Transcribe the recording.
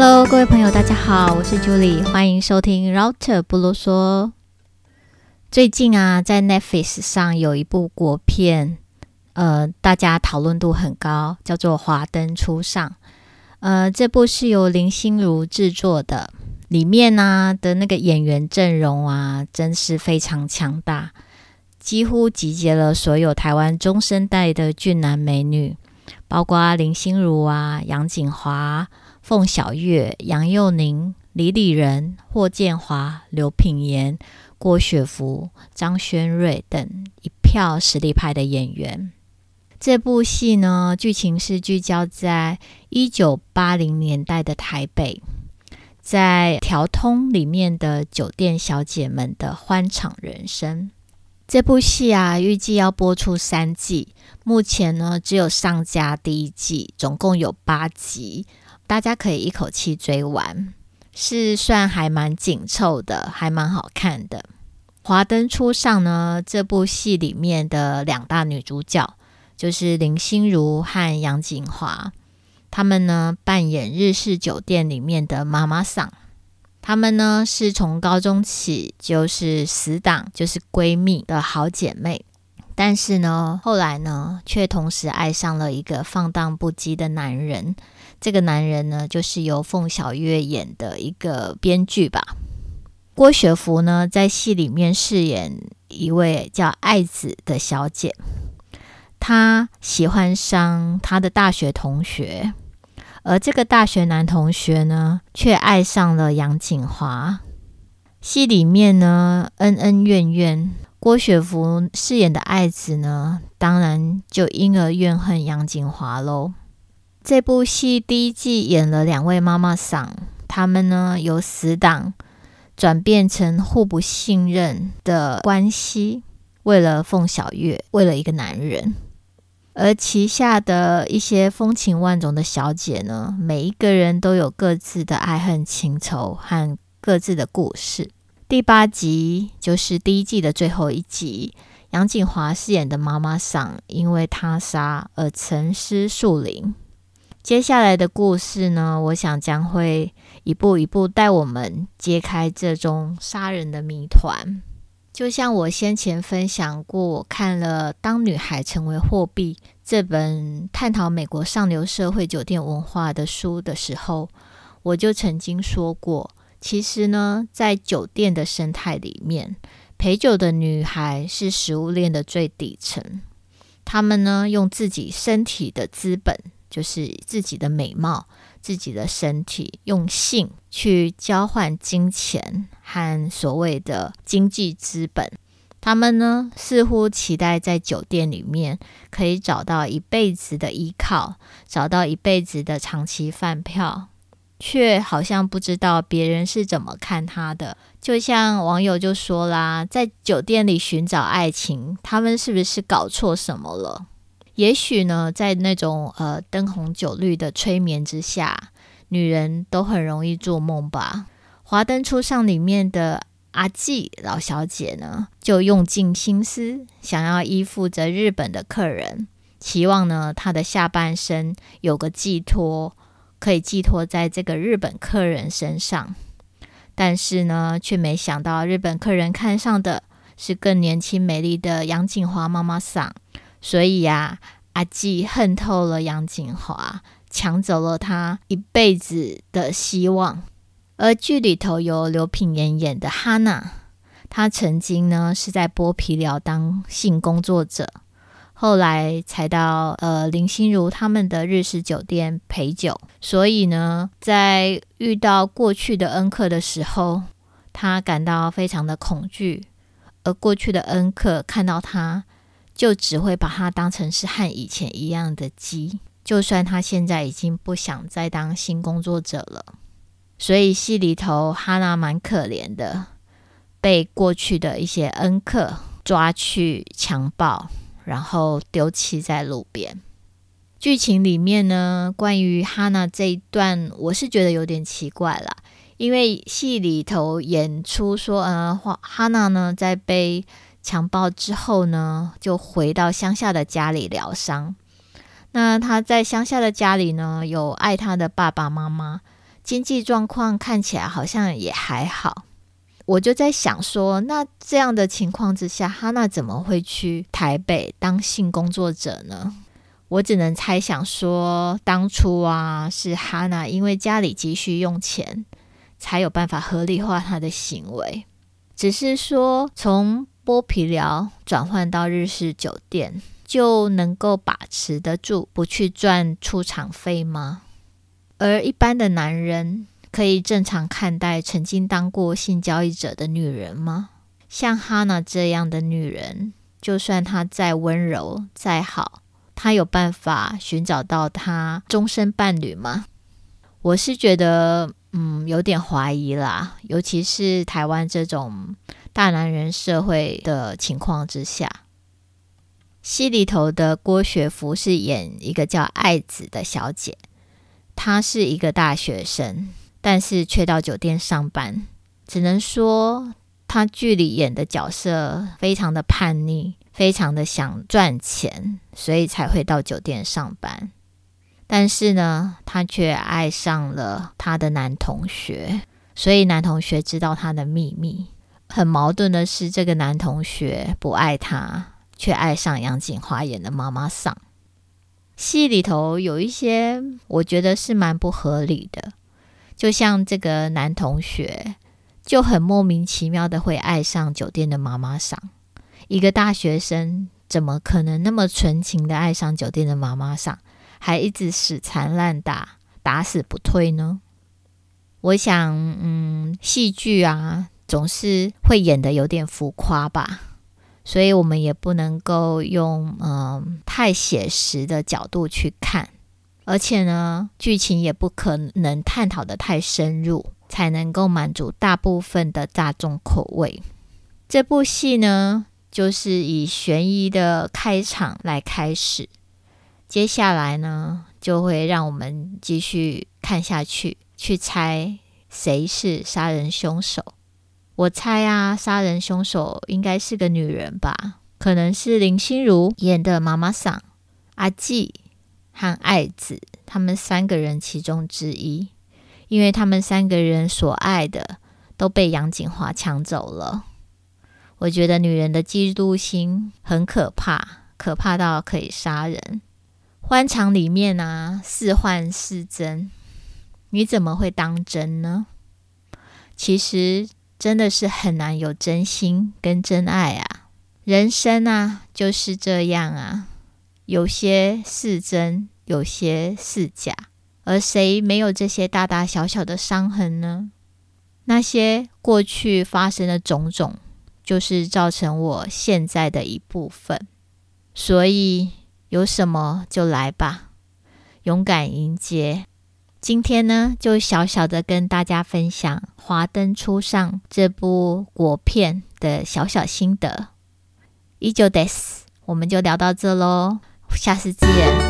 Hello，各位朋友，大家好，我是 Julie，歡迎收聽 Router 不囉嗦。最近啊，在 Netflix 上有一部國片，呃，大家討論度很高，叫做《華燈初上》。呃，這部是由林心如製作的，裡面呢、啊、的那個演員陣容啊，真是非常強大，幾乎集結了所有台灣中生代的俊男美女，包括林心如啊、楊謹華。鳳小月、楊佑寧、李李仁、霍建華、劉品言、郭雪芙、張軒睿等一票實力派的演員。這部戲呢，劇情是聚焦在一九八零年代的台北，在調通裡面的酒店小姐們的歡場人生。這部戲啊，預計要播出三季，目前呢，只有上架第一季，總共有八集。大家可以一口氣追完，是算還蠻緊湊的，還蠻好看的。《華燈初上》呢，這部戲裡面的兩大女主角就是林心如和楊謹華。她們呢，扮演日式酒店裡面的媽媽桑。她們呢，是從高中起就是死黨，就是閨蜜的好姐妹，但是呢，後來呢卻同時愛上了一個放蕩不羈的男人。這個男人呢，就是由鳳小岳演的一個編劇吧。郭雪芙呢，在戲裡面飾演一位叫愛子的小姐，她喜歡上她的大學同學，而這個大學男同學呢，卻愛上了楊謹華。戲裡面呢，恩恩怨怨，郭雪芙飾演的愛子呢，當然就因而怨恨楊謹華嘍。這部戲第一季演了兩位媽媽桑，他們呢，由死黨轉變成互不信任的關係。為了鳳小岳，為了一個男人，而旗下的一些風情萬種的小姐呢，每一個人都有各自的愛恨情仇和各自的故事。第八集就是第一季的最後一集，楊謹華飾演的媽媽桑因為他殺而沉屍樹林。接下來的故事呢，我想將會一步一步帶我們揭開這種殺人的謎團。就像我先前分享過，我看了《當女孩成為貨幣》這本探討美國上流社會酒店文化的書的時候，我就曾經說過，其實呢，在酒店的生態裡面，陪酒的女孩是食物鏈的最底層，她們呢，用自己身體的資本。就是自己的美貌、自己的身體，用性去交換金錢和所謂的經濟資本。他們呢，似乎期待在酒店裡面可以找到一輩子的依靠，找到一輩子的長期飯票，卻好像不知道別人是怎麼看他的。就像網友就說啦，在酒店裡尋找愛情，他們是不是搞錯什麼了？也許呢，在那種呃燈紅酒綠的催眠之下，女人都很容易做夢吧。《華燈初上》裡面的阿季老小姐呢，就用盡心思想要依附着日本的客人，期望呢她的下半生有個寄託，可以寄託在這個日本客人身上。但是呢，卻沒想到日本客人看上的是更年輕美麗的楊謹華媽媽桑。所以啊，阿季恨透了楊謹華，搶走了他一輩子的希望。而劇裡頭由劉品言演的哈娜，她曾經呢是在剝皮寮當性工作者，後來才到呃林心如他們的日式酒店陪酒。所以呢，在遇到過去的恩客的時候，她感到非常的恐懼。而過去的恩客看到她。就只會把他當成是和以前一樣的雞，就算他現在已經不想再當性工作者了。所以戲裡頭哈娜蠻可憐的，被過去的一些恩客抓去強暴，然後丟棄在路邊。劇情裡面呢，關於哈娜這一段，我是覺得有點奇怪了，因為戲裡頭演出說，嗯、呃，哈娜呢在被強暴之後呢，就回到鄉下的家裡療傷。那他在鄉下的家裡呢，有愛他的爸爸媽媽，經濟狀況看起來好像也還好。我就在想說，那這樣的情況之下，哈娜怎麼會去台北當性工作者呢？我只能猜想說，當初啊，是哈娜因為家裡急需用錢，才有辦法合理化她的行為。只是說從。剝皮寮轉換到日式酒店就能夠把持得住，不去賺出場費嗎？而一般的男人可以正常看待曾經當過性交易者的女人嗎？像哈娜這樣的女人，就算她再溫柔再好，她有辦法尋找到她終身伴侶嗎？我是覺得，嗯，有點懷疑啦，尤其是台灣這種。大男人社會的情況之下，戲裡頭的郭雪芙是演一個叫愛子的小姐，她是一個大學生，但是卻到酒店上班。只能說，她劇裡演的角色非常的叛逆，非常的想賺錢，所以才會到酒店上班。但是呢，她卻愛上了她的男同學，所以男同學知道她的秘密。很矛盾的是，這個男同學不愛他，卻愛上楊謹華演的媽媽桑。戲裡頭有一些我覺得是蠻不合理的，就像這個男同學就很莫名其妙的會愛上酒店的媽媽桑。一個大學生怎麼可能那麼純情的愛上酒店的媽媽桑，還一直死纏爛打，打死不退呢？我想，嗯，戲劇啊。總是會演得有點浮誇吧，所以我們也不能夠用嗯、呃、太寫實的角度去看，而且呢，劇情也不可能探討得太深入，才能夠滿足大部分的大眾口味。這部戲呢，就是以懸疑的開場來開始，接下來呢，就會讓我們繼續看下去，去猜誰是殺人兇手。我猜啊，殺人兇手應該是個女人吧？可能是林心如演的媽媽桑、阿季和愛子他們三個人其中之一，因為他們三個人所愛的都被楊謹華搶走了。我覺得女人的嫉妒心很可怕，可怕到可以殺人。歡場裡面啊，似幻似真，你怎麼會當真呢？其實。真的是很難有真心跟真愛啊！人生啊就是這樣啊，有些是真，有些是假，而誰沒有這些大大小小的傷痕呢？那些過去發生的種種，就是造成我現在的一部分。所以有什麼就來吧，勇敢迎接。今天呢，就小小的跟大家分享《華燈初上》這部國片的小小心得。以上です，我們就聊到這嘍，下次見。